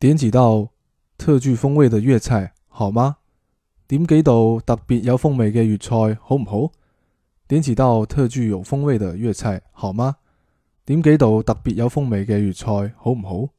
點幾道特具風味嘅粵菜，好嗎？點幾道特別有風味嘅粵菜，好唔好？點幾道特具有風味嘅粵菜，好嗎？點幾道特別有風味嘅粵菜，好唔好？